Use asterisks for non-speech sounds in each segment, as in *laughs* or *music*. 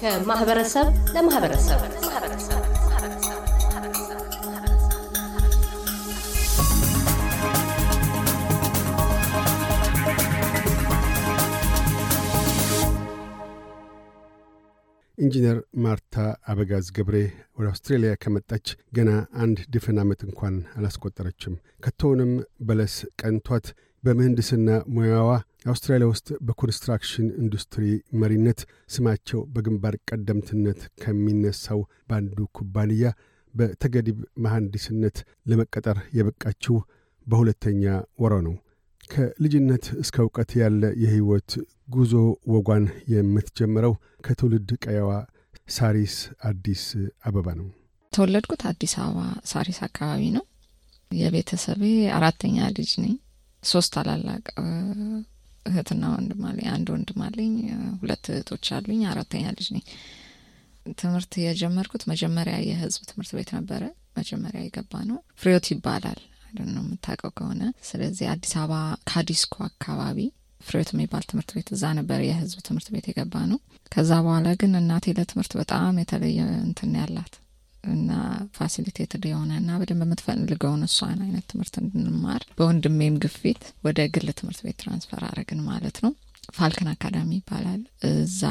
ከማህበረሰብ ለማህበረሰብ ኢንጂነር ማርታ አበጋዝ ገብሬ ወደ አውስትሬልያ ከመጣች ገና አንድ ድፍን ዓመት እንኳን አላስቆጠረችም። ከቶውንም በለስ ቀንቷት በምህንድስና ሙያዋ አውስትራሊያ ውስጥ በኮንስትራክሽን ኢንዱስትሪ መሪነት ስማቸው በግንባር ቀደምትነት ከሚነሳው በአንዱ ኩባንያ በተገዲብ መሐንዲስነት ለመቀጠር የበቃችው በሁለተኛ ወሮ ነው። ከልጅነት እስከ እውቀት ያለ የሕይወት ጉዞ ወጓን የምትጀምረው ከትውልድ ቀያዋ ሳሪስ አዲስ አበባ ነው። ተወለድኩት አዲስ አበባ ሳሪስ አካባቢ ነው። የቤተሰቤ አራተኛ ልጅ ነኝ። ሶስት አላላቅ እህትና ወንድም አለኝ። አንድ ወንድም አለኝ። ሁለት እህቶች አሉኝ። አራተኛ ልጅ ነኝ። ትምህርት የጀመርኩት መጀመሪያ የህዝብ ትምህርት ቤት ነበረ። መጀመሪያ የገባ ነው ፍሬዮት ይባላል። አይደነ የምታውቀው ከሆነ ስለዚህ አዲስ አበባ ካዲስኮ አካባቢ ፍሬዮት የሚባል ትምህርት ቤት እዛ ነበር የህዝብ ትምህርት ቤት የገባ ነው። ከዛ በኋላ ግን እናቴ ለትምህርት በጣም የተለየ እንትን ያላት እና ፋሲሊቴትድ የሆነ እና በደንብ የምትፈልገውን እሷን አይነት ትምህርት እንድንማር በወንድሜም ግፊት ወደ ግል ትምህርት ቤት ትራንስፈር አረግን ማለት ነው። ፋልክን አካዳሚ ይባላል። እዛ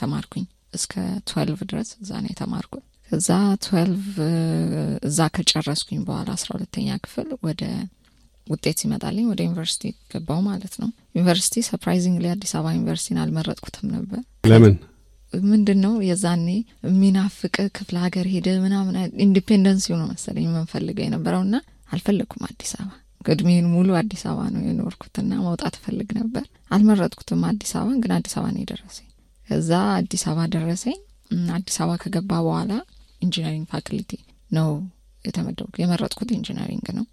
ተማርኩኝ እስከ ትዌልቭ ድረስ እዛ ነው የተማርኩት። ከዛ ትዌልቭ እዛ ከጨረስኩኝ በኋላ አስራ ሁለተኛ ክፍል ወደ ውጤት ሲመጣልኝ ወደ ዩኒቨርሲቲ ገባው ማለት ነው። ዩኒቨርሲቲ ሰፕራይዚንግሊ አዲስ አበባ ዩኒቨርሲቲን አልመረጥኩትም ነበር። ለምን? ምንድን ነው የዛኔ የሚናፍቅ ክፍለ ሀገር ሄደ ምናምን ኢንዲፔንደንስ ሆኖ መሰለኝ የምንፈልገው ና አልፈለግኩም አዲስ አበባ እድሜን ሙሉ አዲስ አበባ ነው የኖርኩትና መውጣት ፈልግ ነበር። አልመረጥኩትም አዲስ አበባ ግን አዲስ አበባ ነው የደረሰኝ። ከዛ አዲስ አበባ ደረሰኝ። አዲስ አበባ ከገባ በኋላ ኢንጂነሪንግ ፋክልቲ ነው የተመደቡ የመረጥኩት ኢንጂነሪንግ ነው።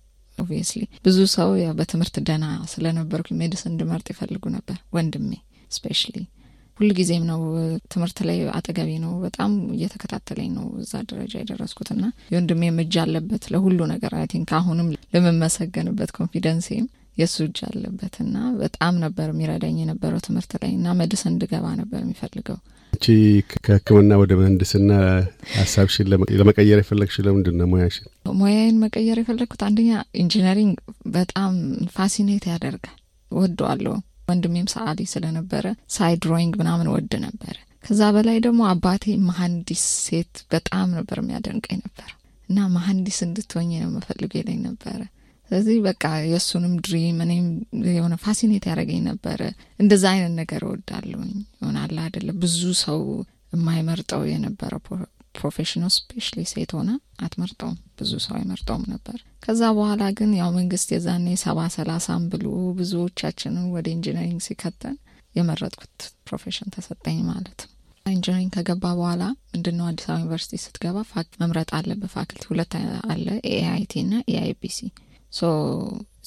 ኦብቪየስሊ ብዙ ሰው በትምህርት ደና ስለነበርኩ ሜዲሲን እንድመርጥ ይፈልጉ ነበር። ወንድሜ ስፔሻሊ ጊዜም ነው ትምህርት ላይ አጠገቤ ነው። በጣም እየተከታተለኝ ነው እዛ ደረጃ የደረስኩትና የወንድሜም እጅ አለበት ለሁሉ ነገር አይ ቲንክ አሁንም ለምመሰገንበት ኮንፊደንሴም የእሱ እጅ አለበትና በጣም ነበር የሚረዳኝ የነበረው ትምህርት ላይ እና መድሰን እንድገባ ነበር የሚፈልገው። እቺ ከሕክምና ወደ ምህንድስና ሀሳብሽን ለመቀየር የፈለግሽው ለምንድን ነው? ሙያሽን ሙያዬን መቀየር የፈለግኩት አንደኛ ኢንጂነሪንግ በጣም ፋሲኔት ያደርጋል፣ ወደዋለሁ ወንድሜም ሰዓሊ ስለነበረ ሳይ ድሮይንግ ምናምን ወድ ነበረ። ከዛ በላይ ደግሞ አባቴ መሀንዲስ ሴት በጣም ነበር የሚያደንቀኝ ነበር እና መሀንዲስ እንድትሆኝ ነው የምፈልገው ይለኝ ነበረ። ስለዚህ በቃ የእሱንም ድሪም እኔም የሆነ ፋሲኔት ያደረገኝ ነበረ። እንደዛ አይነት ነገር እወዳለሁኝ ይሆናል አይደለም ብዙ ሰው የማይመርጠው የነበረ ፕሮፌሽኑ ስፔሻሊ ሴት ሆነ አትመርጠውም፣ ብዙ ሰው አይመርጠውም ነበር። ከዛ በኋላ ግን ያው መንግስት የዛኔ ሰባ ሰላሳም ብሎ ብዙዎቻችንን ወደ ኢንጂነሪንግ ሲከተን የመረጥኩት ፕሮፌሽን ተሰጠኝ ማለት ነው። ኢንጂነሪንግ ከገባ በኋላ ምንድነው አዲስ አበባ ዩኒቨርሲቲ ስትገባ መምረጥ አለብህ ፋክልቲ ሁለት አለ፣ ኤአይቲ እና ኤአይቢሲ ሶ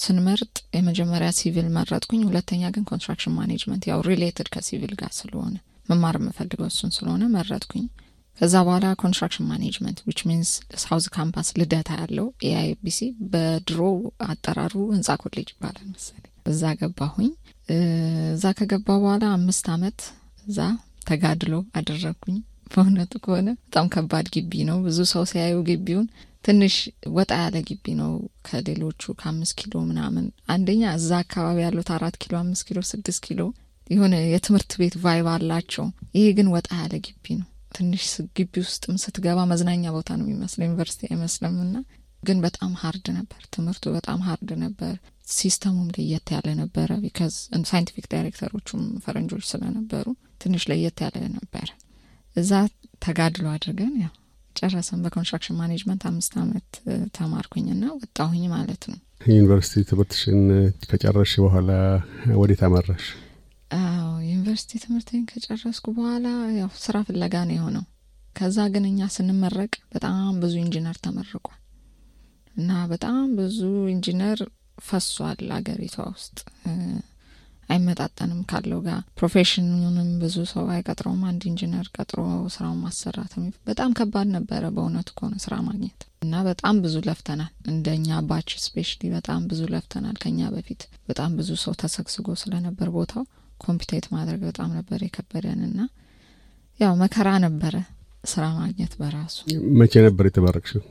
ስንመርጥ የመጀመሪያ ሲቪል መረጥኩኝ። ሁለተኛ ግን ኮንስትራክሽን ማኔጅመንት ያው ሪሌትድ ከሲቪል ጋር ስለሆነ መማር የምፈልገው እሱን ስለሆነ መረጥኩኝ። ከዛ በኋላ ኮንስትራክሽን ማኔጅመንት ዊች ሚንስ ሳውዝ ካምፓስ ልደታ ያለው ኤአይቢሲ በድሮ አጠራሩ ህንፃ ኮሌጅ ይባላል መሰለኝ። እዛ ገባሁኝ። እዛ ከገባ በኋላ አምስት አመት እዛ ተጋድሎ አደረግኩኝ። በእውነቱ ከሆነ በጣም ከባድ ግቢ ነው። ብዙ ሰው ሲያዩ ግቢውን ትንሽ ወጣ ያለ ግቢ ነው ከሌሎቹ ከአምስት ኪሎ ምናምን። አንደኛ እዛ አካባቢ ያሉት አራት ኪሎ፣ አምስት ኪሎ፣ ስድስት ኪሎ የሆነ የትምህርት ቤት ቫይብ አላቸው። ይሄ ግን ወጣ ያለ ግቢ ነው። ትንሽ ግቢ ውስጥም ስትገባ መዝናኛ ቦታ ነው የሚመስለው፣ ዩኒቨርሲቲ አይመስልም። እና ግን በጣም ሀርድ ነበር ትምህርቱ፣ በጣም ሀርድ ነበር። ሲስተሙም ለየት ያለ ነበረ። ቢካዝ ሳይንቲፊክ ዳይሬክተሮቹም ፈረንጆች ስለነበሩ ትንሽ ለየት ያለ ነበረ። እዛ ተጋድሎ አድርገን ያው ጨረሰን። በኮንስትራክሽን ማኔጅመንት አምስት ዓመት ተማርኩኝና ወጣሁኝ ማለት ነው። ዩኒቨርሲቲ ትምህርትሽን ከጨረሽ በኋላ ወዴት አመራሽ? ዩኒቨርሲቲ ትምህርቴን ከጨረስኩ በኋላ ያው ስራ ፍለጋ ነው የሆነው። ከዛ ግን እኛ ስንመረቅ በጣም ብዙ ኢንጂነር ተመርቋል እና በጣም ብዙ ኢንጂነር ፈሷል አገሪቷ ውስጥ አይመጣጠንም ካለው ጋር ፕሮፌሽኑንም ብዙ ሰው አይቀጥረውም። አንድ ኢንጂነር ቀጥሮ ስራውን ማሰራት በጣም ከባድ ነበረ በእውነቱ ከሆነ ስራ ማግኘት እና በጣም ብዙ ለፍተናል። እንደኛ ባች ስፔሻሊ በጣም ብዙ ለፍተናል። ከኛ በፊት በጣም ብዙ ሰው ተሰግስጎ ስለነበር ቦታው ኮምፒቴት ማድረግ በጣም ነበር የከበደን እና ያው መከራ ነበረ ስራ ማግኘት በራሱ መቼ ነበር የተባረክሽው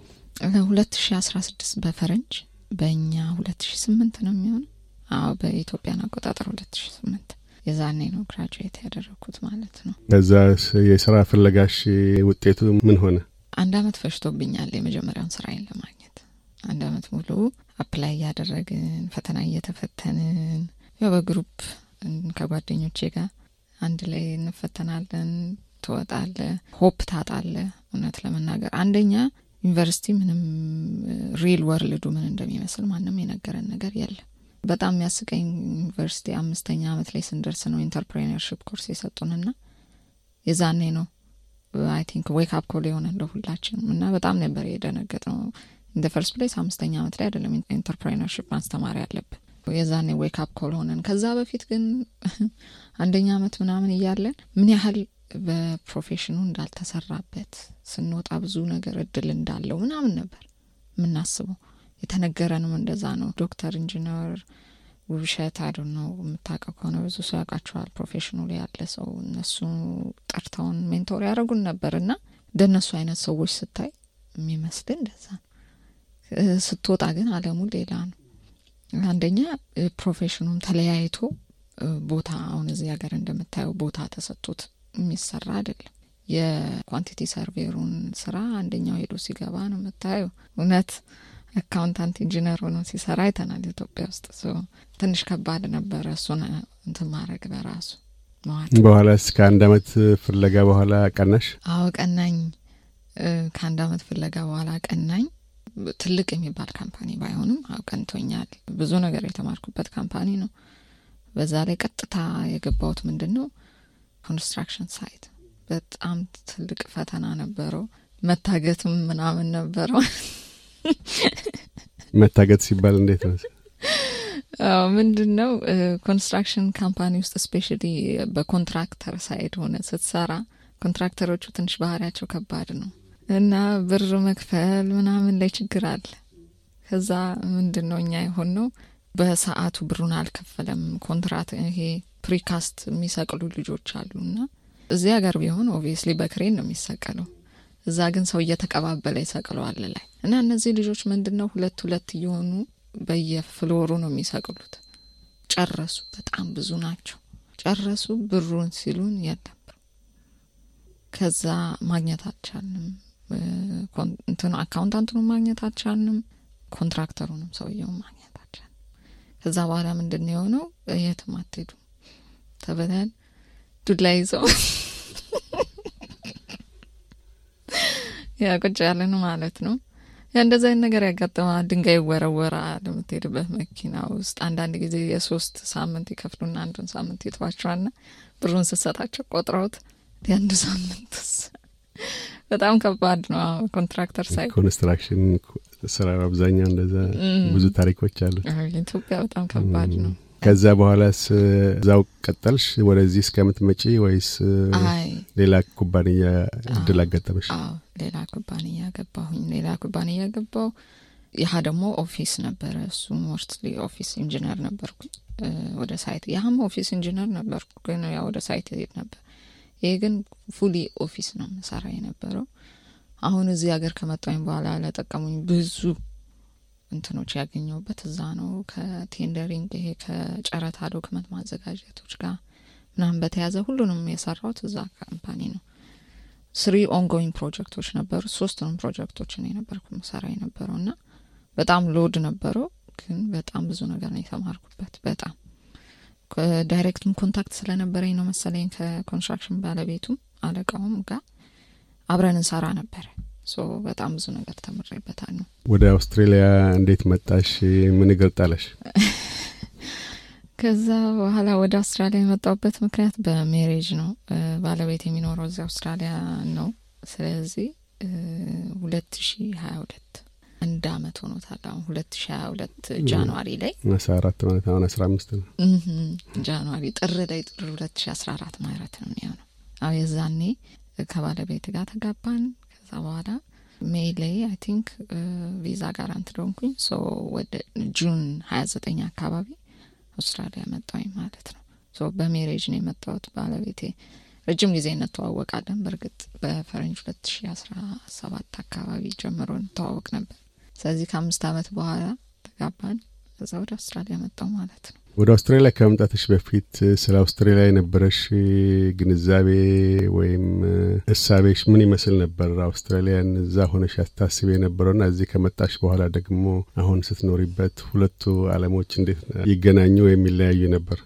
ሁለት ሺ አስራ ስድስት በፈረንጅ በእኛ ሁለት ሺ ስምንት ነው የሚሆነው አዎ በኢትዮጵያን አቆጣጠር ሁለት ሺ ስምንት የዛኔ ነው ግራጁዌት ያደረግኩት ማለት ነው ከዛ የስራ ፍለጋሽ ውጤቱ ምን ሆነ አንድ አመት ፈሽቶብኛል የመጀመሪያውን ስራዬን ለማግኘት አንድ አመት ሙሉ አፕላይ እያደረግን ፈተና እየተፈተንን ያው በግሩፕ ከጓደኞቼ ጋር አንድ ላይ እንፈተናለን፣ ትወጣለ፣ ሆፕ ታጣለ። እውነት ለመናገር አንደኛ ዩኒቨርሲቲ ምንም ሪል ወርልዱ ምን እንደሚመስል ማንም የነገረን ነገር የለም። በጣም የሚያስቀኝ ዩኒቨርሲቲ አምስተኛ አመት ላይ ስንደርስ ነው ኢንተርፕሬነርሽፕ ኮርስ የሰጡንና የዛኔ ነው አይ ቲንክ ዌክ አፕ ኮል የሆነ እንደ ሁላችንም እና በጣም ነበር የደነገጥ ነው። ኢን ፈርስት ፕሌስ አምስተኛ አመት ላይ አይደለም ኢንተርፕሬነርሽፕ ማስተማሪ ያለብን የዛኔ ዌክ አፕ ኮል ሆነን። ከዛ በፊት ግን *laughs* አንደኛ አመት ምናምን እያለን ምን ያህል በፕሮፌሽኑ እንዳልተሰራበት ስንወጣ ብዙ ነገር እድል እንዳለው ምናምን ነበር የምናስበው። የተነገረንም እንደዛ ነው። ዶክተር፣ ኢንጂነር ውብሸት አዶ ነው የምታውቀው ከሆነ ብዙ ሰው ያውቃቸዋል። ፕሮፌሽኑ ላይ ያለ ሰው እነሱ ጠርተውን ሜንቶር ያደረጉን ነበር እና እንደነሱ አይነት ሰዎች ስታይ የሚመስል እንደዛ ነው። ስትወጣ ግን አለሙ ሌላ ነው። አንደኛ ፕሮፌሽኑም ተለያይቶ ቦታ አሁን እዚህ ሀገር እንደምታየው ቦታ ተሰጥቶት የሚሰራ አይደለም። የኳንቲቲ ሰርቬሩን ስራ አንደኛው ሄዶ ሲገባ ነው የምታየው። እውነት አካውንታንት ኢንጂነር ሆኖ ሲሰራ አይተናል ኢትዮጵያ ውስጥ። ትንሽ ከባድ ነበረ እሱን እንትን ማድረግ በራሱ በኋላ እስከ አንድ አመት ፍለጋ በኋላ ቀናሽ? አዎ ቀናኝ። ከአንድ አመት ፍለጋ በኋላ ቀናኝ። ትልቅ የሚባል ካምፓኒ ባይሆንም አውቀንቶኛል። ብዙ ነገር የተማርኩበት ካምፓኒ ነው። በዛ ላይ ቀጥታ የገባሁት ምንድን ነው ኮንስትራክሽን ሳይት በጣም ትልቅ ፈተና ነበረው። መታገትም ምናምን ነበረው። *laughs* መታገት ሲባል እንዴት ነው? ምንድን ነው ኮንስትራክሽን ካምፓኒ ውስጥ ስፔሻ በኮንትራክተር ሳይድ ሆነ ስትሰራ ኮንትራክተሮቹ ትንሽ ባህሪያቸው ከባድ ነው። እና ብር መክፈል ምናምን ላይ ችግር አለ። ከዛ ምንድን ነው እኛ የሆን ነው በሰዓቱ ብሩን አልከፈለም። ኮንትራት ይሄ ፕሪካስት የሚሰቅሉ ልጆች አሉ እና እዚህ ሀገር ቢሆን ኦብቪየስሊ በክሬን ነው የሚሰቀለው። እዛ ግን ሰው እየተቀባበለ ይሰቅለዋል ላይ እና እነዚህ ልጆች ምንድን ነው ሁለት ሁለት እየሆኑ በየፍሎሩ ነው የሚሰቅሉት። ጨረሱ። በጣም ብዙ ናቸው። ጨረሱ ብሩን ሲሉን የለም። ከዛ ማግኘት አልቻልንም። እንትኑ አካውንታንቱን ማግኘት አልቻልንም። ኮንትራክተሩንም ሰውየውን ማግኘት አልቻልንም። ከዛ በኋላ ምንድን ነው የሆነው? የትም አትሄዱም ተብለን ዱላ ይዘው ያ ቁጭ ያለን ማለት ነው። ያ እንደዚ አይነት ነገር ያጋጥማል። ድንጋይ ይወረወራል የምትሄድበት መኪና ውስጥ። አንዳንድ ጊዜ የሶስት ሳምንት ይከፍሉና አንዱን ሳምንት ይተዋቸዋልና ብሩን ስሰጣቸው ቆጥረውት የአንዱ ሳምንት በጣም ከባድ ነው ኮንትራክተር ሳይ ኮንስትራክሽን ስራ አብዛኛው እንደዛ ብዙ ታሪኮች አሉት። ኢትዮጵያ በጣም ከባድ ነው። ከዛ በኋላ ስዛው ቀጠልሽ ወደዚህ እስከምት መጪ ወይስ ሌላ ኩባንያ እድል አጋጠመሽ? ሌላ ኩባንያ ገባሁኝ። ሌላ ኩባንያ ገባው። ያህ ደግሞ ኦፊስ ነበረ። እሱ ሞስትሊ ኦፊስ ኢንጂነር ነበርኩ። ወደ ሳይት ያህም ኦፊስ ኢንጂነር ነበርኩ፣ ግን ያ ወደ ሳይት ሄድ ነበር ይሄ ግን ፉሊ ኦፊስ ነው ምሰራ የነበረው። አሁን እዚህ ሀገር ከመጣኝ በኋላ ለጠቀሙኝ ብዙ እንትኖች ያገኘውበት እዛ ነው። ከቴንደሪንግ ይሄ ከጨረታ ዶክመንት ማዘጋጀቶች ጋር ምናምን በተያዘ ሁሉንም የሰራሁት እዛ ካምፓኒ ነው። ስሪ ኦንጎይንግ ፕሮጀክቶች ነበሩ። ሶስቱንም ፕሮጀክቶች ነው ነበርኩ ምሰራ የነበረው እና በጣም ሎድ ነበረው፣ ግን በጣም ብዙ ነገር ነው የተማርኩበት በጣም ዳይሬክትም ኮንታክት ስለነበረኝ ነው መሰለኝ ከኮንስትራክሽን ባለቤቱም አለቃውም ጋር አብረን እንሰራ ነበረ በጣም ብዙ ነገር ተምሬበታ ነው ወደ አውስትሬሊያ እንዴት መጣሽ ምን እግር *laughs* ከዛ በኋላ ወደ አውስትራሊያ የመጣውበት ምክንያት በሜሬጅ ነው ባለቤት የሚኖረው እዚ አውስትራሊያ ነው ስለዚህ ሁለት ሺ ሀያ ሁለት አንድ አመት ሆኖታል። አሁን ሁለት ሺ ሀያ ሁለት ጃንዋሪ ላይ አስራ አራት ማለት አሁን አስራ አምስት ነው። ጃንዋሪ ጥር ላይ ጥር ሁለት ሺ አስራ አራት ማለት ነው የሚሆነው። አሁ የዛኔ ከባለቤት ጋር ተጋባን። ከዛ በኋላ ሜይ ላይ አይ ቲንክ ቪዛ ጋር አንትደንኩኝ ሶ ወደ ጁን ሀያ ዘጠኝ አካባቢ አውስትራሊያ መጣሁኝ ማለት ነው። ሶ በሜሬጅ ነው የመጣሁት ባለቤቴ ረጅም ጊዜ እንተዋወቃለን። በእርግጥ በፈረንጅ ሁለት ሺ አስራ ሰባት አካባቢ ጀምሮ እንተዋወቅ ነበር ስለዚህ ከአምስት አመት በኋላ ተጋባን። ከዛ ወደ አውስትራሊያ መጣው ማለት ነው። ወደ አውስትራሊያ ከመምጣትሽ በፊት ስለ አውስትራሊያ የነበረሽ ግንዛቤ ወይም እሳቤሽ ምን ይመስል ነበር? አውስትራሊያን እዛ ሆነሽ ያስታስብ የነበረውና እዚህ ከመጣሽ በኋላ ደግሞ አሁን ስትኖሪበት ሁለቱ አለሞች እንዴት ይገናኙ ወይም ይለያዩ ነበር?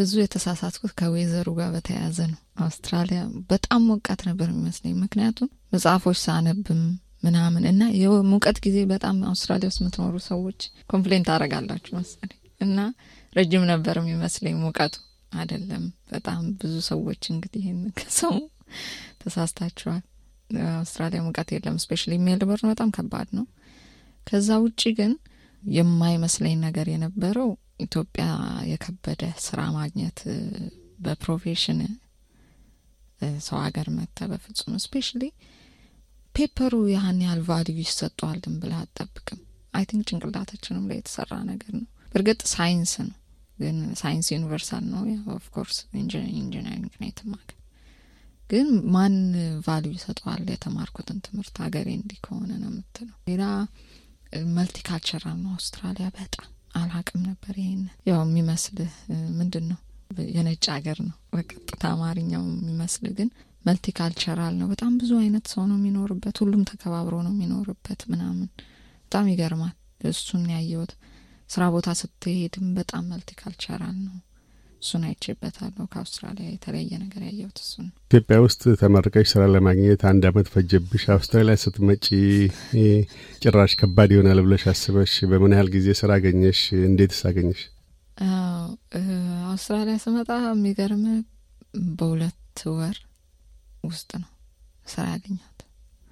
ብዙ የተሳሳትኩት ከዌዘሩ ጋር በተያያዘ ነው። አውስትራሊያ በጣም ሞቃት ነበር የሚመስለኝ። ምክንያቱም መጽሐፎች ሳነብም ምናምን እና የሙቀት ጊዜ በጣም አውስትራሊያ ውስጥ የምትኖሩ ሰዎች ኮምፕሌን ታደርጋላችሁ መሰለኝ እና ረጅም ነበር የሚመስለኝ ሙቀቱ አይደለም። በጣም ብዙ ሰዎች እንግዲህ ይህን ከሰሙ ተሳስታችኋል። አውስትራሊያ ሙቀት የለም። ስፔሻ ሜልበርን በጣም ከባድ ነው። ከዛ ውጭ ግን የማይመስለኝ ነገር የነበረው ኢትዮጵያ የከበደ ስራ ማግኘት በፕሮፌሽን ሰው ሀገር መታ በፍጹም ስፔሻ ፔፐሩ ያህን ያህል ቫልዩ ድን ብለህ አጠብቅም። አይ ቲንክ ጭንቅላታችንም ላይ የተሰራ ነገር ነው። በእርግጥ ሳይንስ ነው፣ ግን ሳይንስ ዩኒቨርሳል ነው። ኦፍኮርስ ኢንጂነሪንግ ነው የተማከ ግን ማን ቫልዩ ይሰጠዋል? የተማርኩትን ትምህርት ሀገሬ እንዲህ ከሆነ ነው የምትለው። ሌላ መልቲካልቸራል ነው አውስትራሊያ። በጣም አላቅም ነበር ይሄን ያው የሚመስልህ ምንድን ነው የነጭ ሀገር ነው በቀጥታ አማርኛው የሚመስልህ ግን መልቲካልቸራል ነው። በጣም ብዙ አይነት ሰው ነው የሚኖርበት። ሁሉም ተከባብሮ ነው የሚኖርበት ምናምን በጣም ይገርማል። እሱን ያየሁት ስራ ቦታ ስትሄድም በጣም መልቲካልቸራል ነው። እሱን አይቼበታለሁ። ከአውስትራሊያ የተለየ ነገር ያየሁት እሱ ነው። ኢትዮጵያ ውስጥ ተመርቀሽ ስራ ለማግኘት አንድ አመት ፈጀብሽ። አውስትራሊያ ስትመጪ ጭራሽ ከባድ ይሆናል ብለሽ አስበሽ በምን ያህል ጊዜ ስራ አገኘሽ? እንዴትስ አገኘሽ? አውስትራሊያ ስመጣ የሚገርም በሁለት ወር ውስጥ ነው ስራ ያገኛት።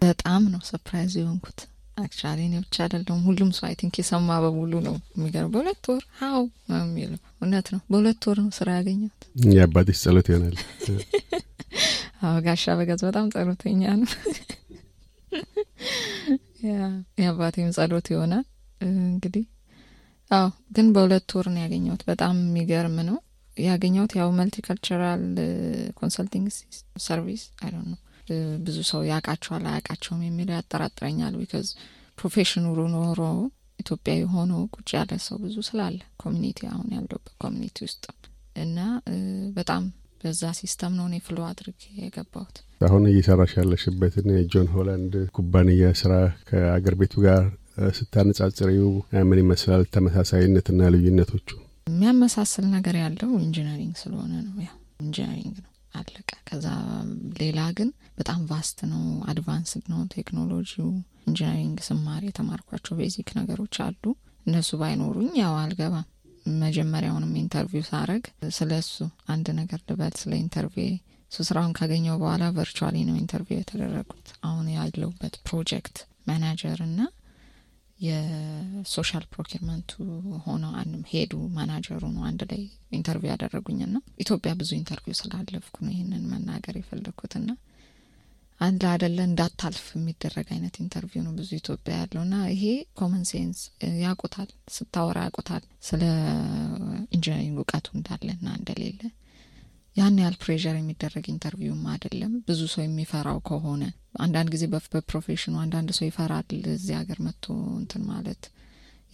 በጣም ነው ሰፕራይዝ የሆንኩት። አክቹዋሊ እኔ ብቻ አይደለሁም፣ ሁሉም ሰው አይ ቲንክ የሰማ በሙሉ ነው የሚገርም። በሁለት ወር ሀው የሚለው እውነት ነው። በሁለት ወር ነው ስራ ያገኘት። የአባትሽ ጸሎት ይሆናል። *laughs* አዎ ጋሻ በጣም ጸሎተኛ ነው። *laughs* የአባቴም ጸሎት ይሆናል እንግዲህ። አዎ ግን በሁለት ወር ነው ያገኘሁት። በጣም የሚገርም ነው። ያገኘሁት ያው መልቲካልቸራል ኮንሰልቲንግ ሰርቪስ አይ ነው ብዙ ሰው ያውቃቸዋል አያውቃቸውም የሚለው ያጠራጥረኛል። ቢካዝ ፕሮፌሽኑ ኖሮ ኢትዮጵያዊ ሆኖ ቁጭ ያለ ሰው ብዙ ስላለ ኮሚኒቲ አሁን ያለበት ኮሚኒቲ ውስጥ እና uh, በጣም በዛ ሲስተም ነው እኔ ፍሎ አድርጌ የገባሁት። አሁን እየሰራሽ ያለሽበትን የጆን ሆላንድ ኩባንያ ስራ ከአገር ቤቱ ጋር uh, ስታነጻጽሪው ምን ይመስላል? ተመሳሳይነትና ልዩነቶቹ የሚያመሳስል ነገር ያለው ኢንጂነሪንግ ስለሆነ ነው። ያው ኢንጂነሪንግ ነው አለቀ። ከዛ ሌላ ግን በጣም ቫስት ነው፣ አድቫንስድ ነው ቴክኖሎጂው። ኢንጂነሪንግ ስማር የተማርኳቸው ቤዚክ ነገሮች አሉ። እነሱ ባይኖሩኝ ያው አልገባም። መጀመሪያውንም ኢንተርቪው ሳረግ ስለ እሱ አንድ ነገር ልበል ስለ ኢንተርቪው እሱ ስራውን ካገኘው በኋላ ቨርቹዋሊ ነው ኢንተርቪው የተደረጉት። አሁን ያለውበት ፕሮጀክት ማናጀር እና የሶሻል ፕሮኪርመንቱ ሆነ ሄዱ ማናጀሩ ነው አንድ ላይ ኢንተርቪው ና ኢትዮጵያ ብዙ ኢንተርቪው ስላለፍኩ ነው ይህንን መናገር ና አንድ ላይ እንዳታልፍ የሚደረግ አይነት ኢንተርቪው ነው ብዙ ኢትዮጵያ ና ይሄ ኮመን ሴንስ ያውቁታል፣ ስታወራ ያውቁታል ስለ ኢንጂነሪንግ እውቀቱ እንዳለና እንደሌለ ያን ያህል ፕሬር የሚደረግ ኢንተርቪውም አይደለም። ብዙ ሰው የሚፈራው ከሆነ አንዳንድ ጊዜ በፕሮፌሽኑ አንዳንድ ሰው ይፈራል እዚህ ሀገር መጥቶ እንትን ማለት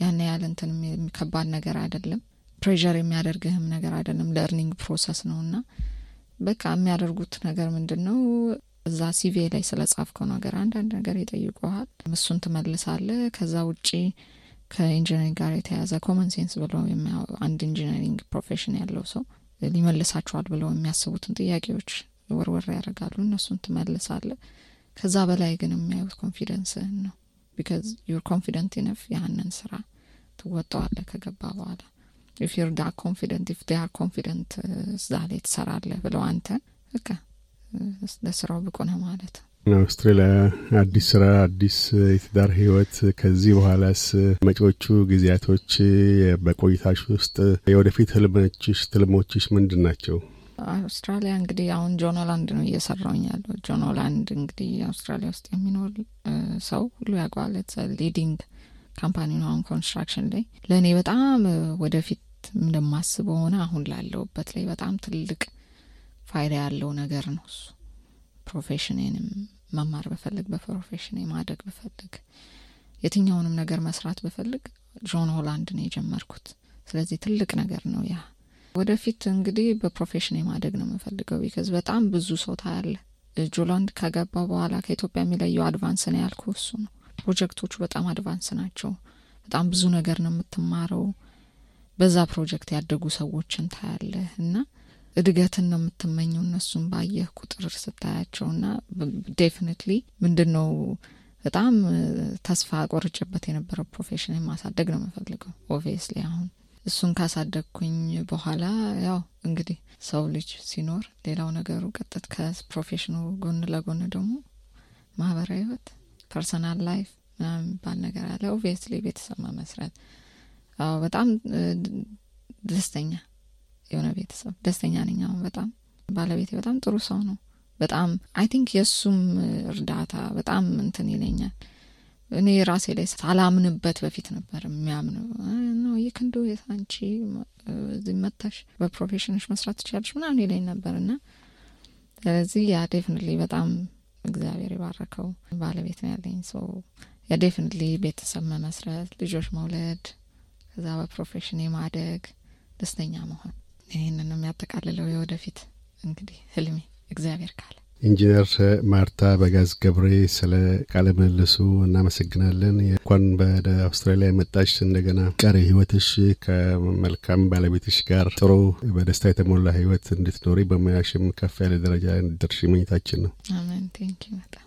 ያን ያህል እንትን የሚከባድ ነገር አይደለም። ፕሬር የሚያደርግህም ነገር አይደለም። ለርኒንግ ፕሮሰስ ነው እና በቃ የሚያደርጉት ነገር ምንድን ነው እዛ ሲቪ ላይ ስለ ጻፍከው ነገር አንዳንድ ነገር ይጠይቁሃል። እሱን ትመልሳለህ። ከዛ ውጪ ከኢንጂነሪንግ ጋር የተያዘ ኮመን ሴንስ ብለው አንድ ኢንጂነሪንግ ፕሮፌሽን ያለው ሰው ሊመልሳቸዋል ብለው የሚያስቡትን ጥያቄዎች ወርወር ያደርጋሉ። እነሱን ትመልሳለ። ከዛ በላይ ግን የሚያዩት ኮንፊደንስህን ነው። ቢካዝ ዩር ኮንፊደንት ኢነፍ ያንን ስራ ትወጠዋለ ከገባ በኋላ ኢፍ ዩር ዳ ኮንፊደንት ኢፍ ዴ ኮንፊደንት እዛ ላይ ትሰራለ ብለው አንተ በቃ ለስራው ብቁ ነህ ማለት ነው። አውስትራሊያ አዲስ ስራ፣ አዲስ የትዳር ህይወት፣ ከዚህ በኋላስ መጪዎቹ ጊዜያቶች በቆይታሽ ውስጥ የወደፊት ህልሞችሽ ትልሞችሽ ምንድን ናቸው? አውስትራሊያ እንግዲህ አሁን ጆን ሆላንድ ነው እየሰራውኝ ያለው። ጆን ሆላንድ እንግዲህ አውስትራሊያ ውስጥ የሚኖር ሰው ሁሉ ያውቀዋል። ሊዲንግ ካምፓኒ ነው አሁን ኮንስትራክሽን ላይ። ለእኔ በጣም ወደፊት እንደማስበው ሆነ አሁን ላለውበት ላይ በጣም ትልቅ ፋይዳ ያለው ነገር ነው እሱ ፕሮፌሽኔንም መማር ብፈልግ በፕሮፌሽኔ ማደግ ብፈልግ የትኛውንም ነገር መስራት ብፈልግ ጆን ሆላንድ ነው የጀመርኩት። ስለዚህ ትልቅ ነገር ነው ያ። ወደፊት እንግዲህ በፕሮፌሽኔ ማደግ ነው የምፈልገው። ቢከዝ በጣም ብዙ ሰው ታያለ። ጆላንድ ከገባ በኋላ ከኢትዮጵያ የሚለየው አድቫንስ ነው ያልኩ እሱ ነው። ፕሮጀክቶቹ በጣም አድቫንስ ናቸው። በጣም ብዙ ነገር ነው የምትማረው። በዛ ፕሮጀክት ያደጉ ሰዎችን ታያለህ እና እድገትን ነው የምትመኘው እነሱን ባየህ ቁጥር ስታያቸውና ዴፊኒትሊ ምንድን ነው በጣም ተስፋ ቆርጭበት የነበረው ፕሮፌሽንን ማሳደግ ነው የምፈልገው ኦቪየስሊ አሁን እሱን ካሳደግኩኝ በኋላ ያው እንግዲህ ሰው ልጅ ሲኖር ሌላው ነገሩ ቀጥት ከፕሮፌሽኑ ጎን ለጎን ደግሞ ማህበራዊ ህይወት ፐርሰናል ላይፍ ምናምን የሚባል ነገር አለ ኦቪየስሊ ቤተሰብ መመስረት በጣም ደስተኛ የሆነ ቤተሰብ ደስተኛ ነኝ። አሁን በጣም ባለቤቴ በጣም ጥሩ ሰው ነው። በጣም አይ ቲንክ የእሱም እርዳታ በጣም እንትን ይለኛል። እኔ ራሴ ላይ ሳላምንበት በፊት ነበር የሚያምን ነው ይህ ክንዶ አንቺ እዚህ መታሽ በፕሮፌሽኖች መስራት ትችላለች ምናምን ይለኝ ነበር እና ስለዚህ ያ ዴፍኒትሊ በጣም እግዚአብሔር የባረከው ባለቤት ነው ያለኝ ሰው ያ የዴፍኒትሊ ቤተሰብ መመስረት፣ ልጆች መውለድ፣ ከዛ በፕሮፌሽን የማደግ ደስተኛ መሆን ይህንን የሚያጠቃልለው የወደፊት እንግዲህ ህልሜ እግዚአብሔር ካለ። ኢንጂነር ማርታ በጋዝ ገብሬ ስለ ቃለ ምልልሱ እናመሰግናለን። እንኳን ወደ አውስትራሊያ መጣሽ። እንደገና ቀሪ ህይወትሽ ከመልካም ባለቤትሽ ጋር ጥሩ በደስታ የተሞላ ህይወት እንድትኖሪ በሙያሽም ከፍ ያለ ደረጃ እንድትደርሺ መኝታችን ነው። አሜን። ቴንኪው በጣም